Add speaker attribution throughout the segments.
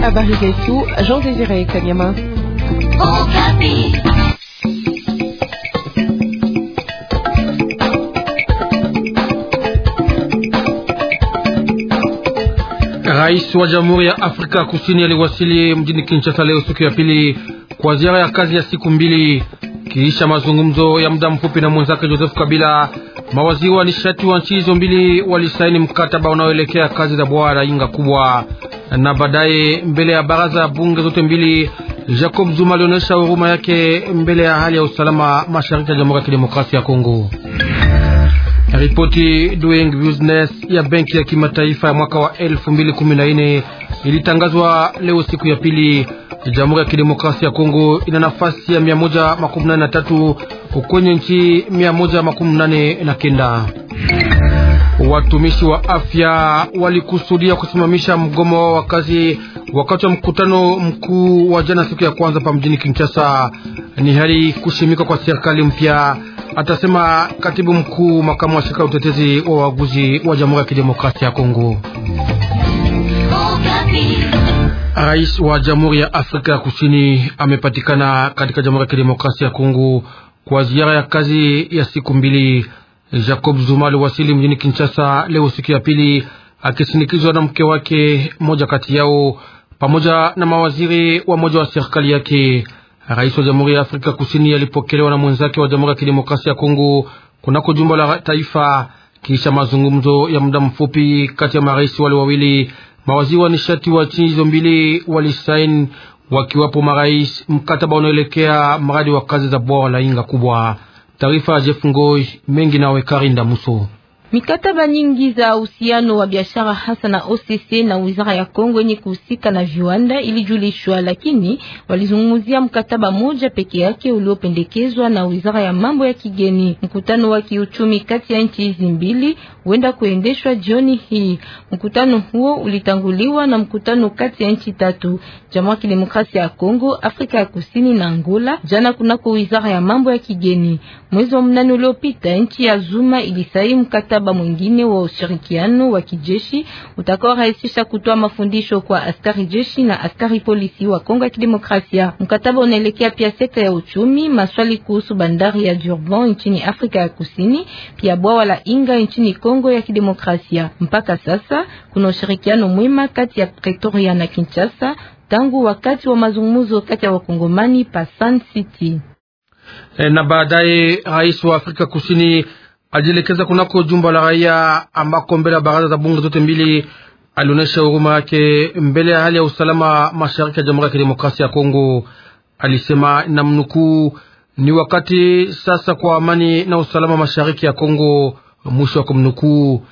Speaker 1: Habari zetu Jean Désiré Kanyama.
Speaker 2: Rais wa Jamhuri ya Afrika Kusini aliwasili mjini Kinshasa leo siku ya pili kwa ziara ya kazi ya siku mbili kiisha mazungumzo ya muda mfupi na mwenzake Joseph Kabila Mawaziri wa nishati wa nchi hizo mbili walisaini mkataba unaoelekea kazi za bwawa la Inga kubwa, na baadaye mbele ya baraza ya bunge zote mbili, Jacob Zuma alionyesha huruma yake mbele ya hali ya usalama mashariki ya Jamhuri ya Kidemokrasia ya Kongo. Ripoti doing business ya benki ya kimataifa ya mwaka wa 2014 ilitangazwa leo siku ya pili. Jamhuri ya Kidemokrasia ya Kongo ina nafasi ya 183 kwenye nchi mia moja makumi nane na kenda. Watumishi wa afya walikusudia kusimamisha mgomo wao wa kazi wakati wa mkutano mkuu wa jana siku ya kwanza pa mjini Kinshasa. Ni hali kushimika kwa serikali mpya, atasema katibu mkuu makamu wa shirika ya utetezi wa waguzi wa Jamhuri ya Kidemokrasia ya Kongo. Rais wa Jamhuri ya Afrika ya Kusini amepatikana katika Jamhuri ya Kidemokrasia ya Kongo kwa ziara ya kazi ya siku mbili. Jacob Zuma aliwasili mjini Kinshasa leo siku ya pili, akisindikizwa na mke wake, moja kati yao pamoja na mawaziri wa moja wa serikali yake. Rais wa Jamhuri ya Afrika Kusini alipokelewa na mwenzake wa Jamhuri ya Kidemokrasia ya Kongo kunako jumba la taifa, kisha mazungumzo ya muda mfupi kati ya marais wale wawili. Mawaziri wa nishati wa chini hizo mbili walisaini wakiwapo marais, mkataba unaelekea mradi wa kazi za bwawa la Inga kubwa. Taarifa ya Jeff Ngoi mengi nawe Karinda Muso.
Speaker 1: Mikataba nyingi za uhusiano wa biashara hasa na OCC na Wizara ya Kongo yenye kuhusika na viwanda ilijulishwa, lakini walizungumzia mkataba moja peke yake uliopendekezwa na Wizara ya Mambo ya Kigeni. Mkutano wa kiuchumi kati ya nchi hizi mbili huenda kuendeshwa jioni hii. Mkutano huo ulitanguliwa na mkutano kati ya nchi tatu: Jamhuri ya Kidemokrasia ya Kongo, Afrika ya Kusini na Angola, jana kunako Wizara ya Mambo ya Kigeni. Mwezi wa mnane uliopita, nchi ya Zuma ilisaini mkataba mkataba mwingine wa ushirikiano wa kijeshi utakaorahisisha kutoa mafundisho kwa askari jeshi na askari polisi wa Kongo ya Kidemokrasia. Mkataba unaelekea pia sekta ya uchumi, maswali kuhusu bandari ya Durban nchini Afrika ya Kusini, pia bwawa la Inga nchini Kongo ya Kidemokrasia. Mpaka sasa kuna ushirikiano mwema kati ya Pretoria na Kinshasa tangu wakati wa mazungumzo kati ya wakongomani pa Sun City.
Speaker 2: E, na baadaye rais wa Afrika Kusini ajielekeza kunako jumba la raia ambako mbele ya baraza za bunge zote mbili alionyesha huruma yake mbele ya hali ya usalama mashariki ya Jamhuri ya Kidemokrasia ya Kongo. Alisema na mnukuu, ni wakati sasa kwa amani na usalama mashariki ya Kongo, mwisho wa kumnukuu.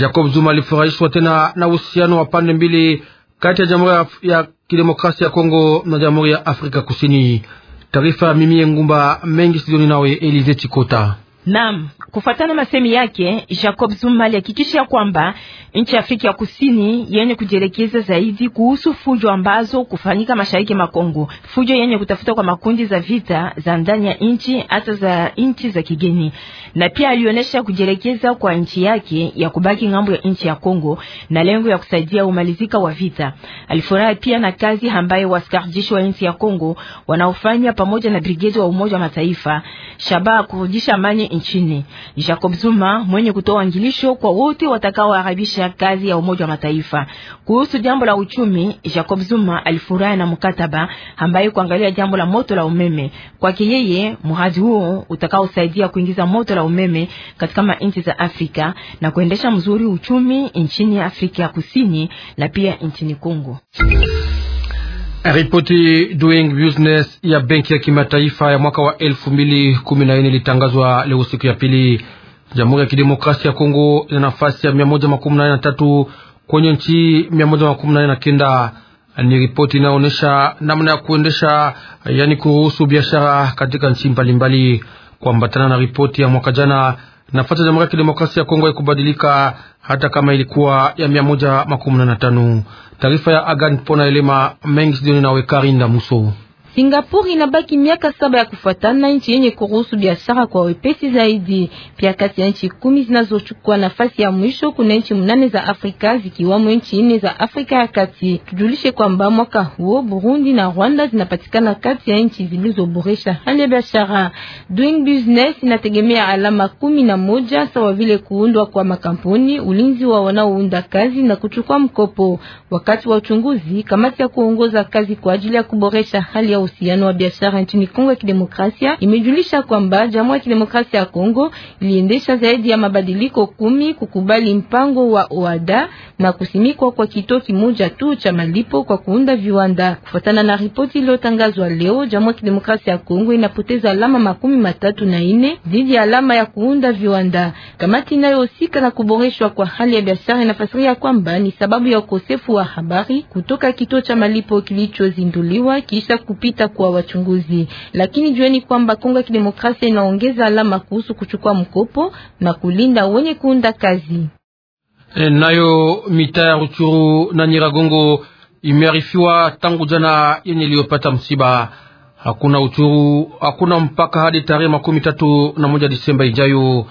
Speaker 2: Jacob Zuma alifurahishwa tena na uhusiano wa pande mbili kati ya Jamhuri ya Kidemokrasia ya Kongo na Jamhuri ya Afrika Kusini. Taarifa mimi Ngumba mengi studioni, nawe Elize Chikota.
Speaker 1: Naam, kufuatana masemi yake Jacob Zuma alihakikisha kwamba nchi ya Afrika ya Kusini yenye kujielekeza zaidi kuhusu fujo ambazo kufanyika mashariki mwa Kongo, fujo yenye kutafuta kwa makundi za vita za ndani ya nchi hata za nchi za kigeni, na pia alionyesha kujielekeza kwa nchi yake ya kubaki ng'ambo ya nchi ya Kongo na lengo ya kusaidia umalizika wa vita. Alifurahi pia na kazi ambayo waskari jeshi wa nchi ya Kongo wanaofanya pamoja na brigade wa Umoja wa Mataifa shabaha kurudisha amani nchini. Jacob Zuma mwenye kutoa angilisho kwa wote watakaoharibisha kazi ya Umoja wa Mataifa kuhusu jambo la uchumi. Jacob Zuma alifurahi na mkataba ambaye kuangalia jambo la moto la umeme kwake yeye, mradi huo utakaosaidia kuingiza moto la umeme katika nchi za Afrika na kuendesha mzuri uchumi nchini Afrika ya Kusini na pia nchini Kongo.
Speaker 2: Ripoti doing business ya benki ya kimataifa ya mwaka wa elfu mbili kumi na nne ilitangazwa leo siku ya pili. Jamhuri ya Kidemokrasia ya Kongo ina nafasi ya mia moja makumi nane na tatu kwenye nchi mia moja makumi nane na kenda. Ni ripoti inayoonyesha namna ya kuendesha, yani kuruhusu biashara katika nchi mbalimbali, kuambatana na ripoti ya mwaka jana nafasi ya Jamhuri ya Kidemokrasia ya Kongo haikubadilika hata kama ilikuwa ya mia moja makumi na tano. Taarifa ya Agan Pona Elema Mengi Sidoni na Wekarinda Muso.
Speaker 1: Singapore inabaki miaka saba ya kufuatana nchi yenye kuruhusu biashara kwa wepesi zaidi. Pia kati ya nchi kumi zinazochukua nafasi ya mwisho kuna nchi mnane za Afrika zikiwamo nchi nne za Afrika ya Kati. Tujulishe kwamba mwaka huo Burundi na Rwanda zinapatikana kati ya nchi zilizoboresha hali ya biashara. Doing business inategemea alama kumi na moja sawa vile kuundwa kwa makampuni, ulinzi wa wanaounda kazi na kuchukua mkopo. Wakati wa uchunguzi, kamati ya kuongoza kazi kwa ajili ya kuboresha hali ya uhusiano wa biashara nchini Kongo ya Kidemokrasia imejulisha kwamba Jamhuri ya Kidemokrasia ya Kongo iliendesha zaidi ya mabadiliko kumi kukubali mpango wa OADA na kusimikwa kwa kituo kimoja tu cha malipo kwa kuunda viwanda. Kufuatana na ripoti iliyotangazwa leo, Jamhuri ya Kidemokrasia ya Kongo inapoteza alama makumi matatu na ine dhidi ya alama ya kuunda viwanda. Kamati inayohusika na kuboreshwa kwa hali ya biashara inafasiria kwamba ni sababu ya ukosefu wa habari kutoka kituo cha malipo kilichozinduliwa kisha kupita kwa wachunguzi. Lakini jueni kwamba Kongo ya Kidemokrasia inaongeza alama kuhusu kuchukua mkopo na kulinda wenye kuunda kazi.
Speaker 2: E, Nayo mitaa ya Ruchuru na Nyiragongo imearifiwa tangu jana yenye iliyopata msiba. Hakuna uchuru, hakuna mpaka hadi tarehe makumi tatu na moja Disemba ijayo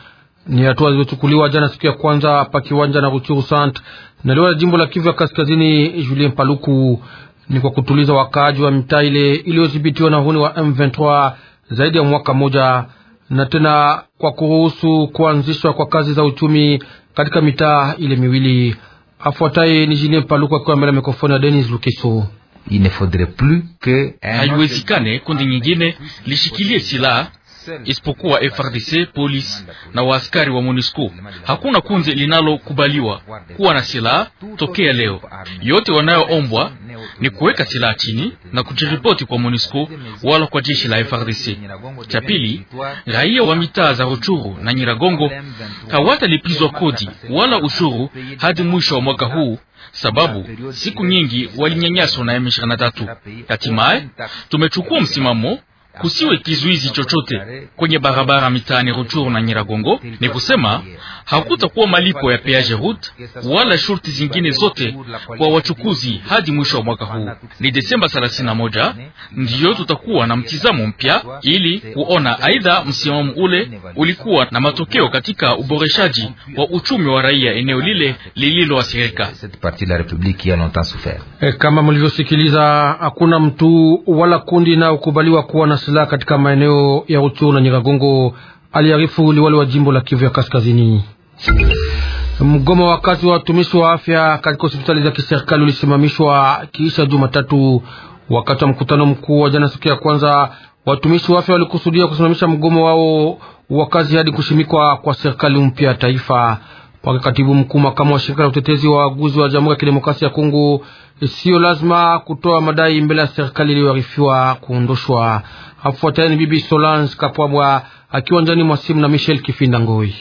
Speaker 2: ni hatua zilizochukuliwa jana siku ya kwanza pa kiwanja na Ruchuru Sant na liwala jimbo la Kivu ya Kaskazini. Julien Paluku ni kwa kutuliza wakaaji wa mitaa ile iliyodhibitiwa na huni wa M23 zaidi ya mwaka mmoja, na tena kwa kuruhusu kuanzishwa kwa kazi za uchumi katika mitaa ile miwili. Afuataye ni Julien Paluku akiwa mbele ya mikrofoni ya Denis Lukiso. Haiwezikane
Speaker 3: kundi nyingine lishikilie silaha isipokuwa FRDC, polisi na waaskari wa MONUSCO. Hakuna kundi linalokubaliwa kuwa na silaha tokea leo. Yote wanayoombwa ni kuweka silaha chini na kujiripoti kwa MONUSCO wala kwa jeshi la FRDC. Cha pili, raia wa mitaa za Ruchuru na Nyiragongo hawatalipizwa kodi wala ushuru hadi mwisho wa mwaka huu, sababu siku nyingi walinyanyaswa na M23. Hatimaye tumechukua msimamo kusiwe kizuizi chochote kwenye barabara mitaani Ruchuru na Nyiragongo. Ni kusema hakutakuwa malipo ya peage route wala shurti zingine zote kwa wachukuzi hadi mwisho wa mwaka huu. Ni Desemba 31 ndiyo tutakuwa na mtizamo mpya ili kuona aidha msimamo ule ulikuwa na matokeo katika uboreshaji wa uchumi wa raia eneo lile lililoathirika.
Speaker 2: Eh, kama mlivyosikiliza, hakuna mtu wala kundi inayokubaliwa kuwa na silaha katika maeneo ya Ruchuru na Nyiragongo, aliarifu liwali wa jimbo la Kivu ya Kaskazini. Mgomo wa kazi wa watumishi wa afya katika hospitali za kiserikali ulisimamishwa kiisha Jumatatu wakati wa mkutano mkuu wa jana siku ya kwanza. Watumishi wa afya walikusudia kusimamisha mgomo wao wa kazi hadi kushimikwa kwa serikali mpya ya taifa. Katibu mkuu makamu wa shirika la utetezi wa waguzi wa Jamhuri ya Kidemokrasia ya Kongo, sio lazima kutoa madai mbele ya serikali iliyoarifiwa kuondoshwa. Afuatani Bibi Solange Kapwabwa akiwa njani mwa simu na Michel Kifinda Ngoi.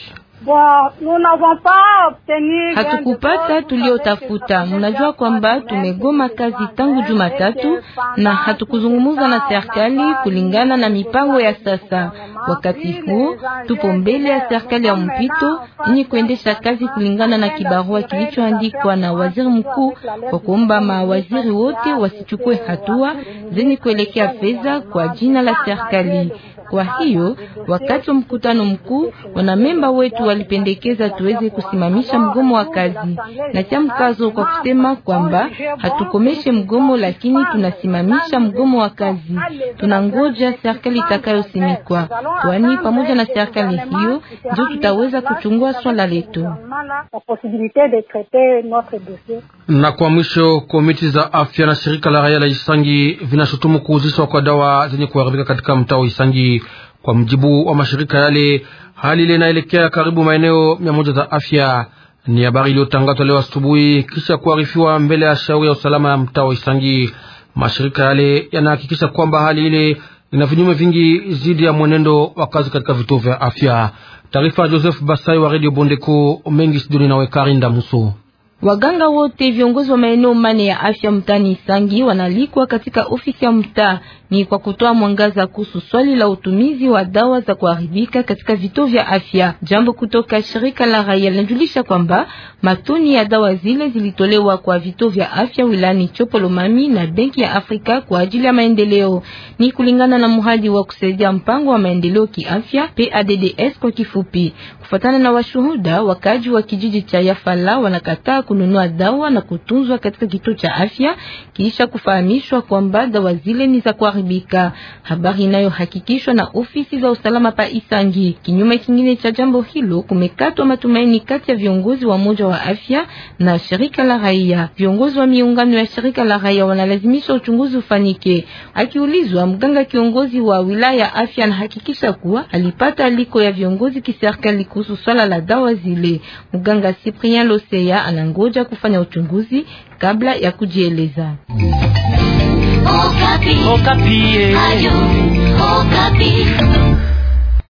Speaker 1: Hatukupata tuliotafuta. Mnajua kwamba tumegoma kazi tangu Jumatatu na hatukuzungumza na serikali kulingana na mipango ya sasa. Wakati huu tupo mbele ya serikali ya mpito ni kuendesha kazi kulingana na kibarua kilichoandikwa na waziri mkuu kwa kuomba mawaziri wote wasichukue hatua zenye kuelekea fedha kwa jina la serikali. Kwa hiyo wakati wa mkutano mkuu, wanamemba wetu walipendekeza tuweze kusimamisha mgomo wa kazi na cha mkazo kwa kusema kwamba hatukomeshe mgomo, lakini tunasimamisha mgomo wa kazi. Tunangoja serikali itakayosimikwa, kwani pamoja na serikali hiyo ndio tutaweza kuchungua swala letu.
Speaker 2: Na kwa mwisho, komiti za afya na shirika la raia la Isangi vinashutumu kuuzishwa kwa dawa zenye kuharibika katika mtaa wa Isangi. Kwa mjibu wa mashirika yale, hali ile inaelekea karibu maeneo mia moja za afya. Ni habari iliyotangazwa leo asubuhi kisha kuarifiwa mbele ya shauri ya usalama ya mtaa wa Isangi. Mashirika yale yanahakikisha kwamba hali ile ina vinyume vingi zidi ya mwenendo wa kazi katika vituo vya afya. Taarifa ya Joseph Basai wa Radio Bondeko mengi sidoni nawe Karinda Muso.
Speaker 1: Waganga wote viongozi wa maeneo mane ya afya mtaani Isangi wanalikwa katika ofisi ya mtaa ni kwa kutoa mwangaza kuhusu swali la utumizi wa dawa za kuharibika katika vituo vya afya. Jambo kutoka shirika la raia linajulisha kwamba matoni ya dawa zile zilitolewa kwa vituo vya afya wilani Chopolomami na Benki ya Afrika kwa ajili ya maendeleo, ni kulingana na mhadi wa kusaidia mpango wa maendeleo kiafya PADDS kwa kifupi. Kufuatana na washuhuda, wakaji wa kijiji cha Yafala wanakataa kununua dawa na kutunzwa katika kituo cha afya kisha kufahamishwa kwamba dawa zile ni za kuharibika kuharibika, habari inayohakikishwa na ofisi za usalama pa Isangi. Kinyume kingine cha jambo hilo, kumekatwa matumaini kati ya viongozi wa moja wa afya na shirika la raia. Viongozi wa miungano ya shirika la raia wanalazimisha uchunguzi ufanyike. Akiulizwa, mganga kiongozi wa wilaya ya afya anahakikisha kuwa alipata aliko ya viongozi kiserikali kuhusu swala la dawa zile. Mganga Cyprien Loseya anangoja kufanya uchunguzi kabla ya kujieleza. Okapi. Okapi.
Speaker 3: Eh.